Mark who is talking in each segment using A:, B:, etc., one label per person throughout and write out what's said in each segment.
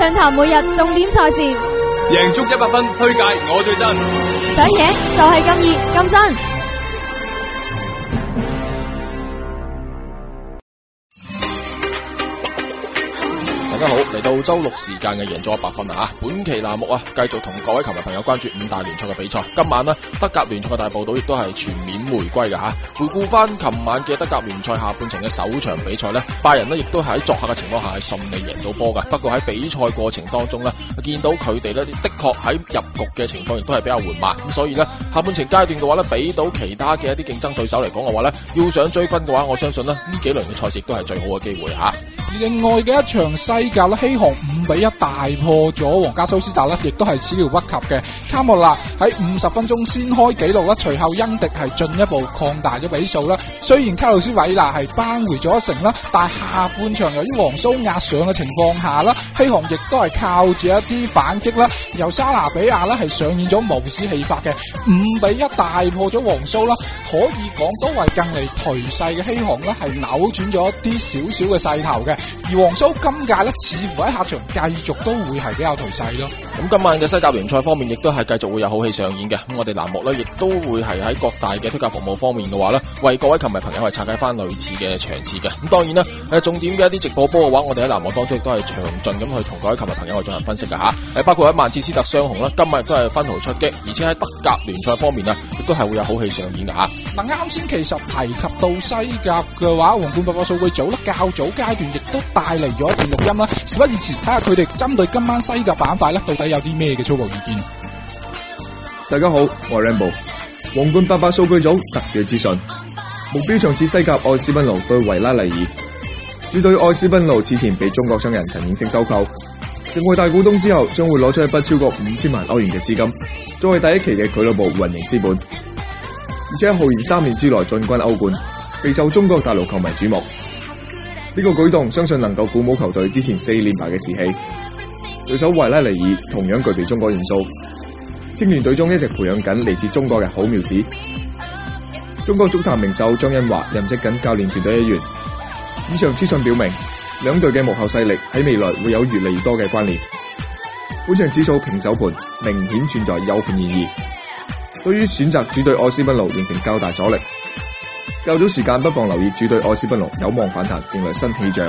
A: 暢談每日重點賽事，贏足一百分推介，我最真，想贏就係咁易咁真。
B: 周六時間嘅贏足 100FUN 啊！本期欄目啊，繼續同各位球迷朋友關注五大聯賽嘅比賽。今晚咧，德甲聯賽嘅大報道亦都係全面回歸嘅吓。回顧翻琴晚嘅德甲聯賽下半程嘅首場比賽咧，拜仁咧亦都係喺作客嘅情況下係順利贏到波嘅。不過喺比賽過程當中咧，見到佢哋呢的確喺入局嘅情況亦都係比較緩慢。咁所以呢，下半程階段嘅話呢，俾到其他嘅一啲競爭對手嚟講嘅話呢，要想追分嘅話，我相信咧呢這幾輪嘅賽事都係最好嘅機會吓、啊。
C: 而另外嘅一場西甲咧，希洪五比一大破咗皇家蘇斯達咧，亦都係始料不及嘅。卡莫納喺五十分鐘先開紀錄啦，隨後恩迪係進一步擴大咗比數啦。雖然卡路斯韋娜係扳回咗一城啦，但係下半場由於皇蘇壓上嘅情況下啦，希洪亦都係靠住一啲反擊啦，由莎拿比亞啦係上演咗帽子戲法嘅五比一大破咗皇蘇啦，可以講都係近嚟頹勢嘅希洪啦係扭轉咗一啲少少嘅勢頭嘅。而黃蘇今屆咧，似乎喺客場繼續都會係比較頹勢
B: 咯。咁今晚嘅西甲聯賽方面，亦都係繼續會有好戲上演嘅。咁我哋欄目咧，亦都會係喺各大嘅推介服務方面嘅話咧，為各位球迷朋友係拆解翻類似嘅場次嘅。咁當然啦，誒、呃、重點嘅一啲直播波嘅話，我哋喺欄目當中亦都係詳盡咁去同各位球迷朋友去進行分析嘅吓。誒、啊，包括喺曼徹斯特雙雄啦，今日都係分頭出擊，而且喺德甲聯賽方面啊，亦都係會有好戲上演嘅
C: 吓。嗱，啱先其實提及到西甲嘅話，皇冠博八數據組得較早階段亦。都帶嚟咗一段錄音啦，事不宜遲睇下佢哋針對今晚西甲板塊咧，到底有啲咩嘅操作意見？
A: 大家好，我係 Rambo，皇冠八八數據組特約資訊，目標長子西甲愛斯賓奴對維拉利爾，主隊愛斯賓奴此前被中國商人陳永星收購，成為大股東之後，將會攞出一筆超過五千萬歐元嘅資金，作為第一期嘅俱樂部運營資本，而且豪言三年之內進軍歐冠，備受中國大陸球迷矚目。呢個舉動相信能夠鼓舞球隊之前四連敗嘅士氣。對手維拉尼爾同樣具備中國元素，青年隊中一直培養緊嚟自中國嘅好苗子。中國足壇名宿張恩華任職緊教練團隊一員。以上資訊表明，兩隊嘅幕後勢力喺未來會有越嚟越多嘅關聯。本場指數平手盤明顯存在誘盤嫌疑，對於選擇主隊奧斯賓路形成較大阻力。較早時間不妨留意主隊愛斯賓龍有望反彈，迎來新氣象。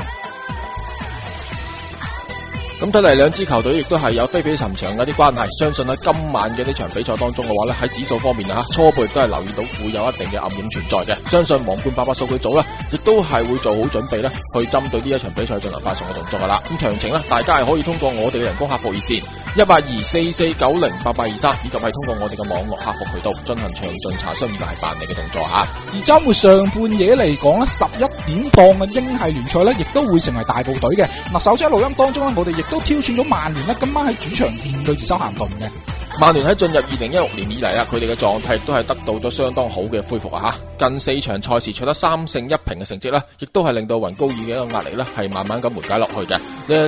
A: 咁睇嚟，兩、嗯、支球隊亦都係有非
B: 比尋常嘅啲關係，相信喺今晚嘅呢場比賽當中嘅話咧，喺指數方面啊，初步都係留意到會有一定嘅暗影存在嘅，相信皇冠八八數據組呢，亦都係會做好準備呢去針對呢一場比賽進行發送嘅動作噶啦。咁詳情呢，大家係可以通過我哋嘅人工客服熱線一八二四四九零八八二三，23, 以及係通過我哋嘅網絡客服渠道進行詳盡查詢以及辦理嘅動作吓。而
C: 周末上半夜嚟講呢十一點放嘅英係聯賽呢，亦都會成為大部隊嘅。嗱，首先喺錄音當中咧，我哋亦都挑選咗曼聯啦，今晚喺主場面對自修咸頓嘅。
B: 曼聯喺進入二零一六年以嚟啊，佢哋嘅狀態都係得到咗相當好嘅恢復啊！吓，近四場賽事取得三勝一平嘅成績咧，亦都係令到雲高爾嘅一個壓力咧係慢慢咁緩解落去嘅。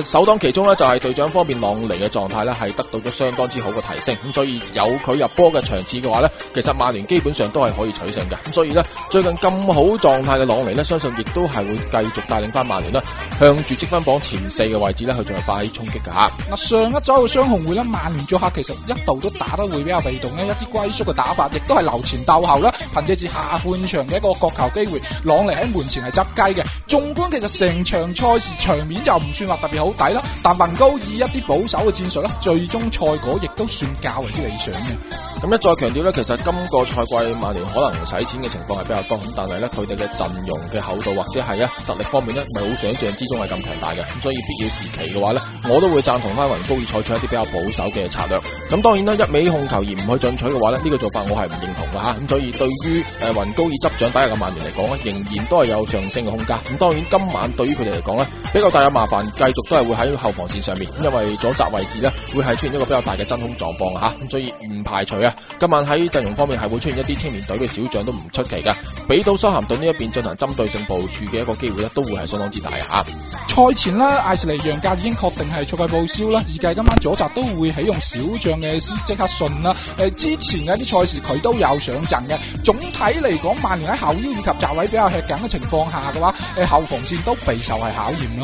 B: 誒，首當其衝咧就係隊長方面朗尼嘅狀態咧係得到咗相當之好嘅提升，咁所以有佢入波嘅場次嘅話咧，其實曼聯基本上都係可以取勝嘅。咁所以呢，最近咁好狀態嘅朗尼咧，相信亦都係會繼續帶領翻曼聯咧向住積分榜前四嘅位置咧去再快衝擊嘅吓。嗱，上一周嘅
C: 雙紅會咧，曼聯做客其實一度。都打得會比較被動呢一啲龜縮嘅打法，亦都係留前鬥後啦。憑借住下半場嘅一個角球機會，朗尼喺門前係執雞嘅。縱觀其實成場賽事場面就唔算話特別好睇啦，但能夠以一啲保守嘅戰術咧，最終賽果亦都算較為之理想嘅。
B: 咁一再強調咧，其實今個賽季曼聯可能使錢嘅情況係比較多，咁但係咧佢哋嘅陣容嘅厚度或者係啊實力方面咧，唔係好想象之中係咁強大嘅，咁所以必要時期嘅話咧，我都會贊同翻雲高爾採取一啲比較保守嘅策略。咁當然啦，一味控球而唔去進取嘅話咧，呢個做法我係唔認同嘅吓。咁所以對於誒雲高爾執掌底下嘅曼聯嚟講咧，仍然都係有上升嘅空間。咁當然今晚對於佢哋嚟講咧，比較大嘅麻煩，繼續都係會喺後防線上面，因為左閘位置咧會係出現一個比較大嘅真空狀況啊吓，所以唔排除啊今晚喺陣容方面係會出現一啲青年隊嘅小將都唔出奇噶，俾到修咸頓呢一邊進行針對性部署嘅一個機會咧，都會係相當之大啊！賽前啦，艾斯利楊格已經確定係賽季報銷啦，預計今晚左閘都
C: 會起用小將嘅斯即刻遜啦。誒、呃，之前嘅一啲賽事佢都有上陣嘅，總體嚟講，曼聯喺後腰以及閘位比較吃緊嘅情況下嘅話，誒、呃、後防線都備
B: 受係考驗嘅。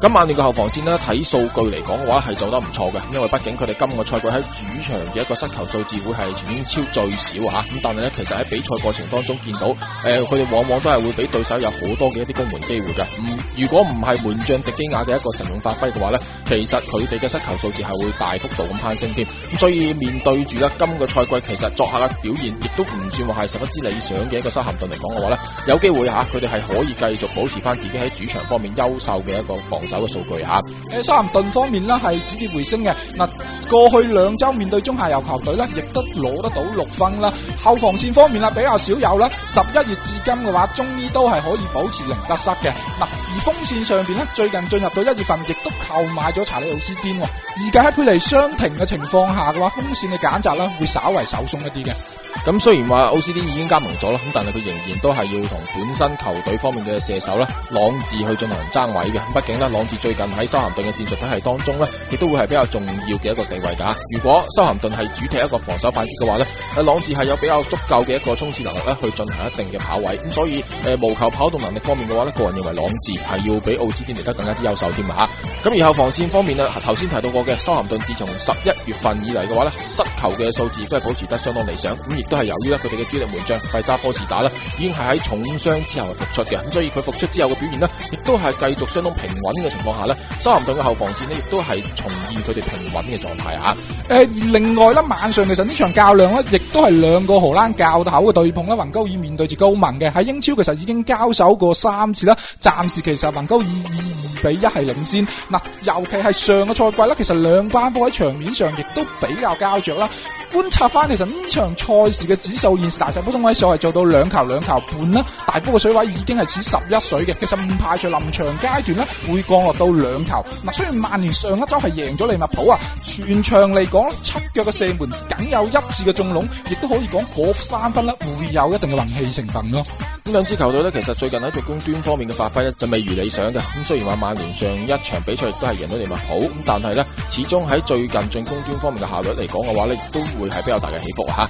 B: 今晚你個後防線呢，睇數據嚟講嘅話係做得唔錯嘅，因為畢竟佢哋今個賽季喺主場嘅一個失球數字會係全英超最少吓。咁、啊、但係咧，其實喺比賽過程當中見到，誒、呃，佢哋往往都係會俾對手有好多嘅一啲攻門機會嘅。唔、嗯，如果唔係門將迪基亞嘅一個神勇發揮嘅話呢，其實佢哋嘅失球數字係會大幅度咁攀升添。咁、啊、所以面對住咧今個賽季，其實作客嘅表現亦都唔算話係十分之理想嘅一個修咸頓嚟講嘅話呢，有機會吓，佢哋係可以繼續保持翻自己喺主場方面優秀嘅一個防手嘅數據吓，
C: 喺修咸頓方面咧係止跌回升嘅。嗱，過去兩周面對中下游球隊咧，亦都攞得到六分啦。後防線方面啦，比較少有啦。十一月至今嘅話，終於都係可以保持零失嘅。嗱，而鋒線上邊咧，最近進入到一月份，亦都購買咗查理奧斯丁。而家喺佩尼雙停嘅情況下嘅話，鋒線嘅揀擇啦，會稍為手鬆一啲嘅。
B: 咁雖然話奧斯丁已經加盟咗啦，咁但係佢仍然都係要同本身球隊方面嘅射手啦，朗治去進行爭位嘅。畢竟呢，朗治最近喺修咸頓嘅戰術體系當中呢，亦都會係比較重要嘅一個地位噶。如果修咸頓係主踢一個防守反擊嘅話呢，誒朗治係有比較足夠嘅一個衝刺能力咧，去進行一定嘅跑位。咁所以誒無球跑動能力方面嘅話呢，個人認為朗治係要比奧斯丁嚟得更加之優秀添啊吓。咁然後防線方面呢，頭先提到過嘅修咸頓自從十一月份以嚟嘅話呢，失球嘅數字都係保持得相當理想。亦都係由於咧，佢哋嘅主力門將費沙波士打咧，已經係喺重傷之後復出嘅，咁所以佢復出之後嘅表現呢，亦都係繼續相當平穩嘅情況下呢，森林隊嘅後防線呢，亦都係重現佢哋平穩嘅狀態吓。
C: 誒、呃，而另外呢，晚上其實呢場較量呢，亦都係兩個荷蘭教頭嘅對碰啦，雲高爾面對住高文嘅喺英超其實已經交手過三次啦，暫時其實雲高爾二比一係領先。嗱、呃，尤其係上個賽季呢，其實兩關波喺場面上亦都比較膠着啦。觀察翻，其實呢場賽時嘅指數現時大細普通位數係做到兩球兩球半啦，大波嘅水位已經係指十一水嘅。其實唔排除臨場階段咧會降落到兩球。嗱，雖然曼聯上一周係贏咗利物浦啊，全場嚟講七腳嘅射門，僅有一次嘅中籠，亦都可以講破三分啦，會有一定嘅運氣成分咯。
B: 咁兩支球隊咧，其實最近喺進攻端方面嘅發揮咧就未如理想嘅。咁雖然話曼聯上一場比賽亦都係贏咗利物浦，咁但係咧始終喺最近進攻端方面嘅效率嚟講嘅話咧，亦都會係比較大嘅起伏吓。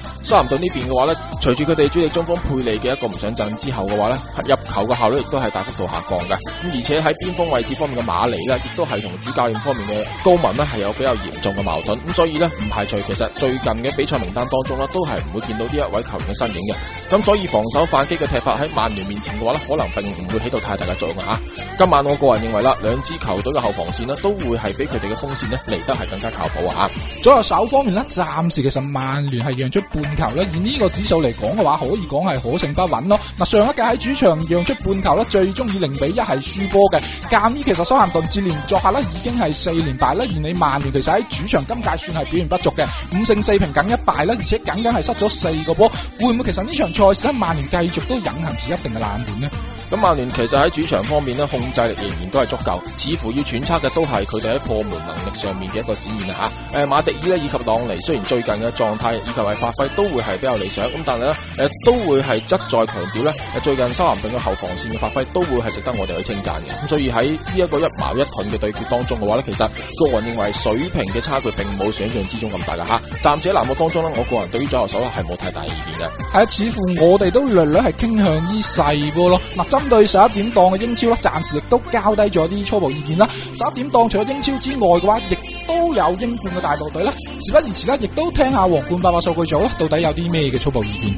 B: 喺呢邊嘅話咧，隨住佢哋主力中鋒佩利嘅一個唔上陣之後嘅話咧，入球嘅效率亦都係大幅度下降嘅。咁而且喺邊鋒位置方面嘅馬尼咧，亦都係同主教練方面嘅高文呢，係有比較嚴重嘅矛盾。咁所以呢，唔排除其實最近嘅比賽名單當中呢，都係唔會見到呢一位球員嘅身影嘅。咁所以防守反擊嘅踢法喺曼聯面前嘅話呢，可能並唔會起到太大嘅作用啊。今晚我個人認為啦，兩支球隊嘅後防線呢，都會係比佢哋嘅鋒線呢，嚟得係更加靠譜啊。
C: 左右手方面呢，暫時其實曼聯係讓出半球。以呢個指數嚟講嘅話，可以講係可勝不穩咯。嗱，上一屆喺主場讓出半球咧，最終以零比一係輸波嘅。鑒於其實修咸頓接連作客咧，已經係四連敗咧，而你曼聯其實喺主場今屆算係表現不俗嘅，五勝四平僅一敗咧，而且僅僅係失咗四個波。會唔會其實呢場賽事喺曼聯繼續都隱含住一定嘅冷門呢？
B: 咁曼聯其實喺主場方面咧，控制力仍然都係足夠，似乎要揣測嘅都係佢哋喺破門能力上面嘅一個展現啊吓！誒，馬迪爾咧以及朗尼雖然最近嘅狀態以及係發揮都會係比較理想，咁、啊、但係咧誒都會係一再強調咧，最近修咸頓嘅後防線嘅發揮都會係值得我哋去稱讚嘅。咁所以喺呢一個一矛一盾嘅對決當中嘅話咧，其實個人認為水平嘅差距並冇想象之中咁大嘅吓。暫時喺欄目當中咧，我個人對於左右手咧係冇太大意見嘅。
C: 係似乎我哋都略略係傾向於細波咯。嗱、啊，針對十一點檔嘅英超咧，暫時亦都交低咗啲初步意見啦。十一點檔除咗英超之外嘅話，亦都有英冠嘅大部隊啦。事不宜遲啦，亦都聽下皇冠八八數據組啦，到底有啲咩嘅初步意見？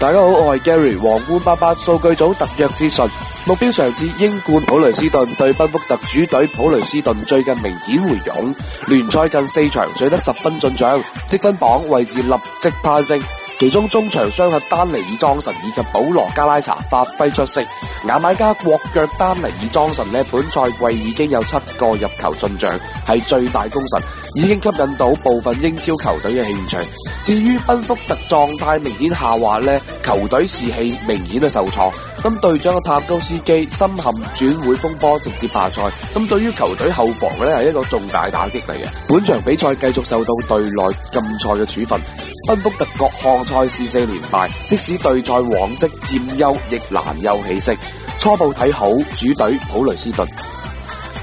A: 大，伯伯意見大家好，我係 Gary，皇冠八八數據組特約資訊。目
C: 標上至英冠普雷斯頓對賓福特主隊普雷斯頓最近明顯回勇，聯賽近四場取得十分進賬，積分榜位置立即攀升。其中中場雙核丹尼爾·莊臣以及保羅·加拉查發揮出色。牙買加國腳丹尼爾·莊臣呢，本賽季已經有七個入球進賬，係最大功臣，已經吸引到部分英超球隊嘅興趣。至於賓福特狀態明顯下滑呢，球隊士氣明顯都受挫。
A: 咁隊長嘅塔高斯基
C: 深陷轉會風波，直接罷賽。咁對於球隊後防呢，係一個重大打擊嚟嘅。本場比賽繼續受到隊內禁賽嘅處分。奔福特各項賽事四連敗，即使對賽往績佔優，亦難有起色。初步睇好主隊普雷斯頓。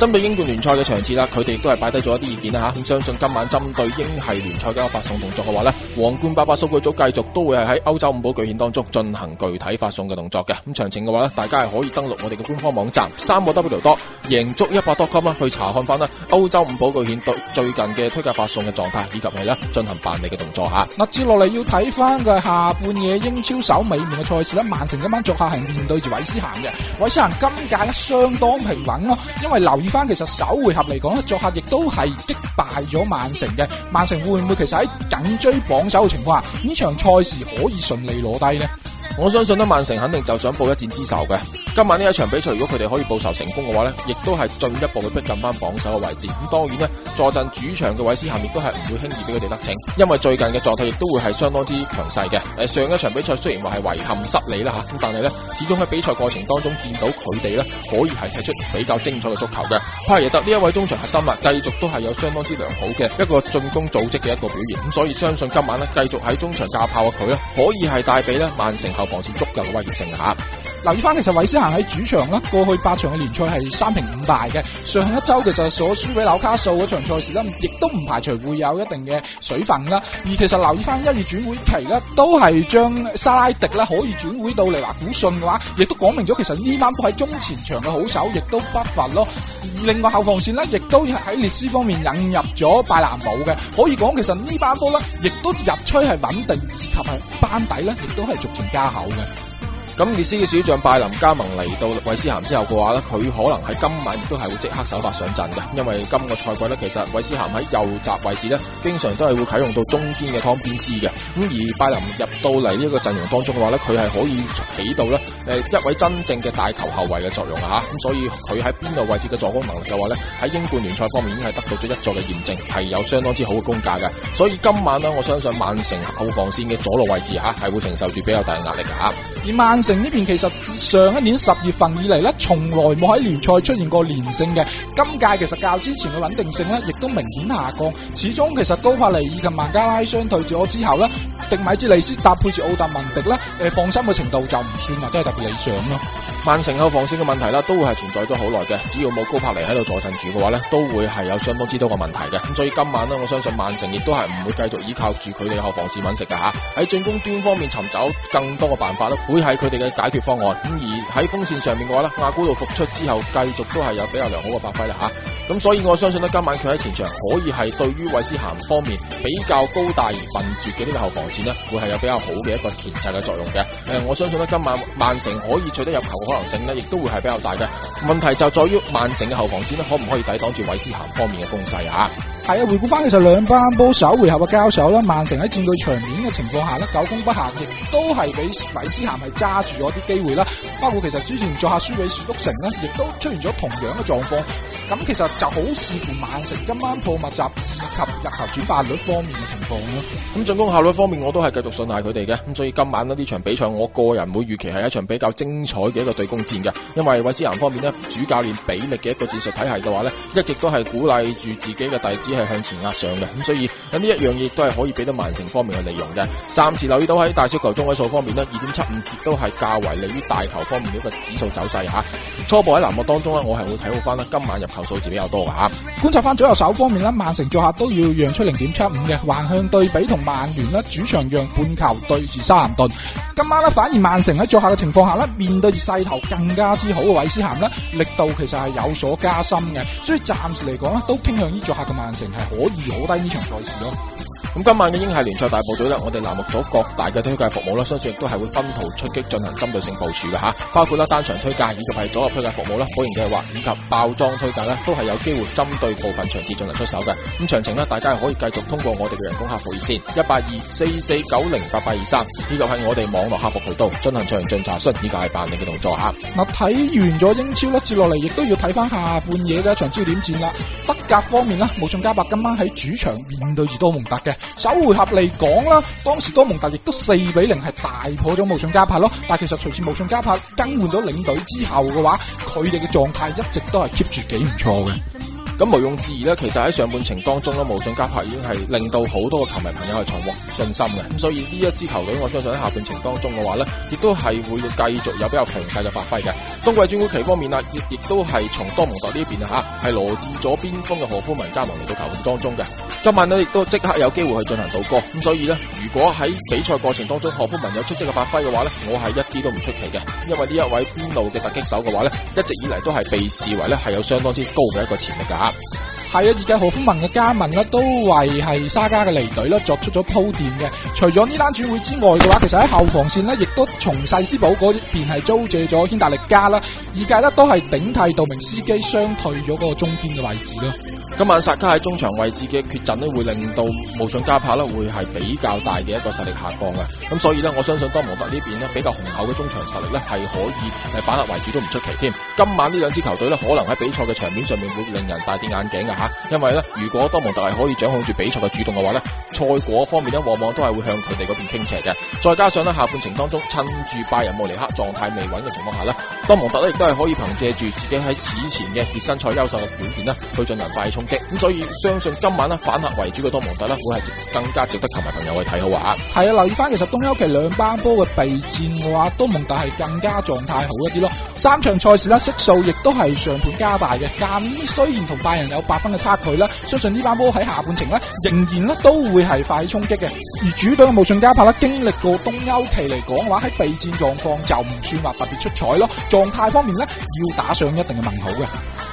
B: 針對英冠聯賽嘅場次啦，佢哋亦都係擺低咗一啲意見啦嚇。咁相信今晚針對英系聯賽嘅發送動作嘅話咧，皇冠爸爸數據組繼續都會係喺歐洲五寶巨獻當中進行具體發送嘅動作嘅。咁詳情嘅話咧，大家係可以登錄我哋嘅官方網站三個 W 多贏足一百 .com 啦，去查看翻啦歐洲五寶巨獻對最近嘅推介發送嘅狀態以及係啦進行辦理嘅動作嚇。嗱，接落嚟要睇翻嘅
C: 下半夜英超首尾聯嘅賽事啦，曼城今晚作客係面對住韋斯咸嘅，韋斯咸今屆咧相當平穩咯，因為留意。翻其實首回合嚟講，作客亦都係擊敗咗曼城嘅。曼城會唔會其實喺緊追榜首嘅情況下，呢場賽事
B: 可以順利攞低呢？我相信咧，曼城肯定就想報一箭之仇嘅。今晚呢一場比賽，如果佢哋可以報仇成功嘅話呢，亦都係進一步去逼近翻榜首嘅位置。咁當然呢，坐鎮主場嘅韋斯咸亦都係唔會輕易俾佢哋得逞，因為最近嘅狀態亦都會係相當之強勢嘅。誒，上一場比賽雖然話係遺憾失利啦吓，咁但係呢，始終喺比賽過程當中見到佢哋呢，可以係踢出比較精彩嘅足球嘅。誇耶特呢一位中場核心啊，繼續都係有相當之良好嘅一個進攻組織嘅一個表現。咁所以相信今晚呢，繼續喺中場架炮嘅佢咧，可以係帶俾咧曼城，後防線足夠嘅威脅性吓、啊，
C: 留意翻其實韋斯咸喺主場啦，過去八場嘅聯賽係三平五敗嘅。上一周其實所輸俾紐卡素嗰場賽事啦，亦都唔排除會有一定嘅水分啦。而其實留意翻一二轉會期啦，都係將沙拉迪啦可以轉會到嚟，話補信嘅話，亦都講明咗其實呢班波喺中前場嘅好手亦都不乏咯。另外後防線呢亦都喺列斯方面引入咗拜蘭姆嘅，可以講其實這班呢班波呢亦都入吹係穩定，以及係班底呢亦都係逐漸加。好的。
B: 咁列斯嘅小將拜林加盟嚟到韋斯咸之後嘅話咧，佢可能喺今晚亦都係會即刻首發上陣嘅，因為今個賽季咧，其實韋斯咸喺右閘位置咧，經常都係會啟用到中堅嘅湯邊斯嘅。咁而拜林入到嚟呢一個陣容當中嘅話咧，佢係可以起到咧誒一位真正嘅大球後衛嘅作用吓，咁、啊、所以佢喺邊個位置嘅助攻能力嘅話咧，喺英冠聯賽方面已經係得到咗一再嘅驗證，係有相當之好嘅功架嘅。所以今晚咧，我相信曼城後防線嘅左路位置吓係、啊、會承受住比較大嘅壓力嘅吓。
C: 啊。呢邊其實上一年十月份以嚟咧，從來冇喺聯賽出現過連勝嘅。今屆其實較之前嘅穩定性咧，亦都明顯下降。始終其實高柏尼以及孟加拉相對住我之後咧，迪米茲利斯搭配住奧特文迪咧，誒，放心嘅程度就唔算話，真係特別理想咯。
B: 曼城後防線嘅問題啦，都會係存在咗好耐嘅。只要冇高柏尼喺度坐鎮住嘅話咧，都會係有相當之多嘅問題嘅。咁所以今晚咧，我相信曼城亦都係唔會繼續依靠住佢哋後防線搵食嘅吓。喺進攻端方面尋找更多嘅辦法啦，會係佢哋嘅解決方案。咁而喺鋒線上面嘅話咧，阿古路復出之後，繼續都係有比較良好嘅發揮啦吓。咁所以我相信咧，今晚佢喺前場可以係對於韋斯咸方面比較高大而笨拙嘅呢個後防線呢，會係有比較好嘅一個鉗制嘅作用嘅。誒，我相信呢今晚曼城可以取得入球嘅可能性呢，亦都會係比較大嘅。問題就在於曼城嘅後防線呢，可唔可以抵擋住韋斯咸方面嘅攻勢啊？
C: 係啊，回顧翻其實兩班波首回合嘅交手啦，曼城喺佔據場面嘅情況下咧，久攻不下，亦都係俾韋斯咸係揸住咗啲機會啦。包括其實之前做客輸俾雪督城呢，亦都出現咗同樣嘅狀況。咁其實就好視乎曼城今晚破密集以及入球轉化率方面嘅情況咯。
B: 咁進攻效率方面，我都係繼續信賴佢哋嘅。咁所以今晚呢呢場比賽，我個人會預期係一場比較精彩嘅一個對攻戰嘅。因為韋斯咸方面呢，主教練比力嘅一個戰術體系嘅話呢，一直都係鼓勵住自己嘅弟子。係向前壓上嘅，咁所以咁呢一樣嘢都係可以俾到曼城方面嘅利用嘅。暫時留意到喺大小球中位數方面呢，二點七五亦都係較為利於大球方面嘅一個指數走勢吓。初步喺欄目當中咧，我係會睇好翻啦。今晚入球數字比較多嘅吓。
C: 觀察翻左右手方面咧，曼城做客都要讓出零點七五嘅，橫向對比同曼聯咧主場讓半球對住沙蘭頓。今晚咧反而曼城喺做客嘅情況下呢，面對住勢頭更加之好嘅韋斯咸，呢力度其實係有所加深嘅。所以暫時嚟講呢，都傾向於做客嘅曼城。係
B: 可以攞低呢場賽事咯，哦。咁今晚嘅英係聯賽大部隊咧，我哋納入咗各大嘅推介服務啦，相信亦都係會分途出擊，進行針對性部署嘅吓。包括單場推介，以及係組合推介服務啦，保贏計劃，以及爆裝推介咧，都係有機會針對部分場次進行出手嘅。咁詳情呢，大家係可以繼續通過我哋嘅人工客服熱線一八二四四九零八八二三，以及喺我哋網絡客服渠道進行詳盡查詢，呢個係辦理嘅動作吓。
C: 嗱，睇完咗英超啦，接落嚟亦都要睇翻下半夜嘅一場焦點戰啦。德甲方面咧，慕遜加柏今晚喺主場面對住多蒙特嘅。首回合嚟講啦，當時多蒙特亦都四比零係大破咗慕遜加柏咯。但係其實隨住慕遜加柏更換咗領隊之後嘅話，
B: 佢哋嘅狀態一直都係 keep 住幾唔錯嘅。咁毋庸置疑咧，其實喺上半程當中咧，無信加罰已經係令到好多嘅球迷朋友係重獲信心嘅。咁所以呢一支球隊，我相信喺下半程當中嘅話咧，亦都係會繼續有比較強勢嘅發揮嘅。冬季轉會期方面啦，亦亦都係從多蒙特呢邊啊吓，係羅致咗邊鋒嘅何夫文加盟嚟到球隊當中嘅。今晚咧亦都即刻有機會去進行倒戈。咁所以咧，如果喺比賽過程當中何夫文有出色嘅發揮嘅話咧，我係一啲都唔出奇嘅，因為呢一位邊路嘅突擊手嘅話咧，一直以嚟都係被視為咧係有相當之高嘅一個潛力噶。
C: 係啊，而家何夫文嘅加盟咧，都為係沙加嘅離隊咧作出咗鋪墊嘅。除咗呢單轉會之外嘅話，其實喺後防線咧，亦都從細斯堡嗰邊係租借咗軒達力加啦。而家咧都係頂替道明斯基，傷退咗嗰個中間嘅位置咯。
B: 今晚薩卡喺中場位置嘅缺陣呢，會令到慕遜加柏咧，會係比較大嘅一個實力下降嘅。咁所以呢，我相信多蒙特呢邊呢，比較雄厚嘅中場實力呢，係可以係反客為主都唔出奇添。今晚呢兩支球隊呢，可能喺比賽嘅場面上面會令人戴啲眼鏡㗎。吓，因為呢，如果多蒙特係可以掌控住比賽嘅主動嘅話呢，賽果方面呢，往往都係會向佢哋嗰邊傾斜嘅。再加上呢，下半程當中趁住拜仁慕尼黑狀態未穩嘅情況下呢多蒙特咧，亦都係可以憑借住自己喺此前嘅熱身賽優秀嘅表現啦，去進行快衝擊。咁所以相信今晚咧反客為主嘅多蒙特咧，會係更加值得球迷朋友去睇好玩，啊。
C: 係啊，留意翻，其實冬休期兩班波嘅備戰嘅話，多蒙特係更加狀態好一啲咯。三場賽事咧，悉數亦都係上半加大嘅。鑒於雖然同拜仁有八分嘅差距啦，相信呢班波喺下半程咧，仍然咧都會係快衝擊嘅。而主隊嘅慕遜加柏咧，經歷過冬休期嚟講嘅話，喺備戰狀況就唔算話特別出彩咯。狀態方面咧，要打上一定嘅問號嘅。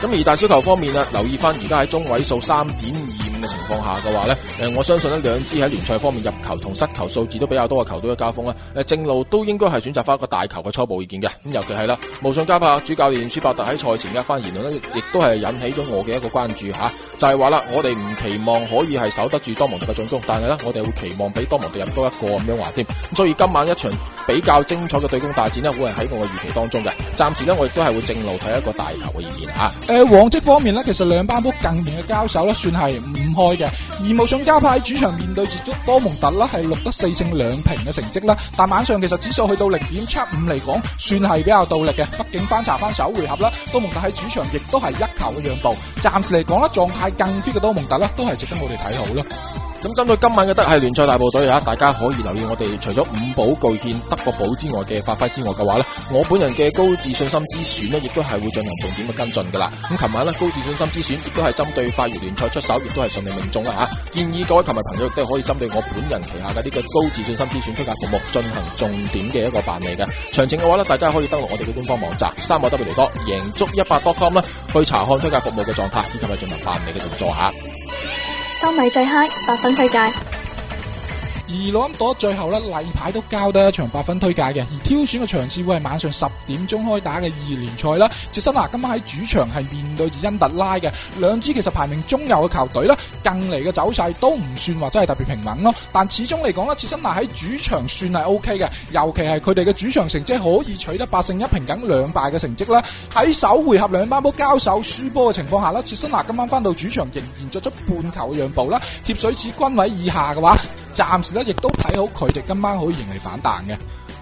B: 咁而大小球方面啊，留意翻而家喺中位數三點二。情況下嘅話咧，誒、呃，我相信咧，兩支喺聯賽方面入球同失球數字都比較多嘅球隊嘅交鋒咧，誒，正路都應該係選擇翻一個大球嘅初步意見嘅。咁尤其係啦，慕遜加柏，主教練舒伯特喺賽前嘅一番言論咧，亦都係引起咗我嘅一個關注吓、啊，就係話啦，我哋唔期望可以係守得住多蒙特嘅進攻，但係咧，我哋會期望俾多蒙特入多一個咁樣話添。咁所以今晚一場比較精彩嘅對攻大戰呢，會係喺我嘅預期當中嘅。暫時呢，我亦都係會正路睇一個大球嘅意見吓。
C: 誒、啊，往績、呃、方面呢，其實兩班波近年嘅交手呢，算係唔。開嘅，而慕遜加柏喺主場面對住多蒙特啦，係錄得四勝兩平嘅成績啦。但晚上其實指數去到零點七五嚟講，算係比較到力嘅。畢竟翻查翻首回合啦，多蒙特喺主場亦都係一球嘅讓步。暫時嚟講啦，狀態更啲嘅多蒙特啦，都係值
B: 得我哋睇好咯。咁針對今晚嘅德系聯賽大部隊啊，大家可以留意我哋除咗五寶巨獻德國寶之外嘅發揮之外嘅話咧，我本人嘅高自信心之選咧，亦都係會進行重點嘅跟進噶啦。咁琴晚咧，高自信心之選亦都係針對法乙聯賽出手，亦都係順利命中啦吓、啊。建議各位琴日朋友亦都可以針對我本人旗下嘅呢個高自信心之選推介服務進行重點嘅一個辦理嘅。詳情嘅話咧，大家可以登錄我哋嘅官方網站三 W 多贏足一百 .com 啦，去查看推介服務嘅狀態以及進行辦理嘅動作吓。
A: 收米最 high，百分百推介。
C: 而攞安朵最後咧，例牌都交得一場八分推介嘅，而挑選嘅場次會係晚上十點鐘開打嘅二聯賽啦。切身拿今晚喺主場係面對住恩特拉嘅兩支，其實排名中游嘅球隊啦，近嚟嘅走勢都唔算話真係特別平穩咯。但始終嚟講啦，切身拿喺主場算係 OK 嘅，尤其係佢哋嘅主場成績可以取得八勝一平緊兩敗嘅成績啦。喺首回合兩班波交手輸波嘅情況下啦，切身拿今晚翻到主場仍然作出半球嘅讓步啦，貼水至均位以下嘅話。暫時咧亦都睇好佢哋今晚可以盈利反彈嘅。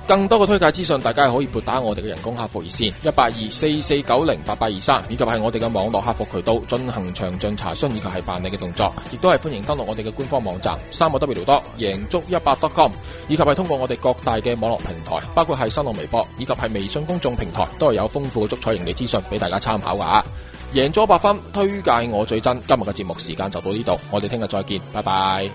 B: 更多嘅推介資訊，大家係可以撥打我哋嘅人工客服熱線一八二四四九零八八二三，以及係我哋嘅網絡客服渠道進行詳盡查詢，以及係辦理嘅動作，亦都係歡迎登錄我哋嘅官方網站三個 W 多贏足一百 dot com，以及係通過我哋各大嘅網絡平台，包括係新浪微博以及係微信公眾平台，都係有豐富嘅足彩盈利資訊俾大家參考噶吓。贏咗百分，推介我最真。今日嘅節目時間就到呢度，我哋聽日再見，拜拜。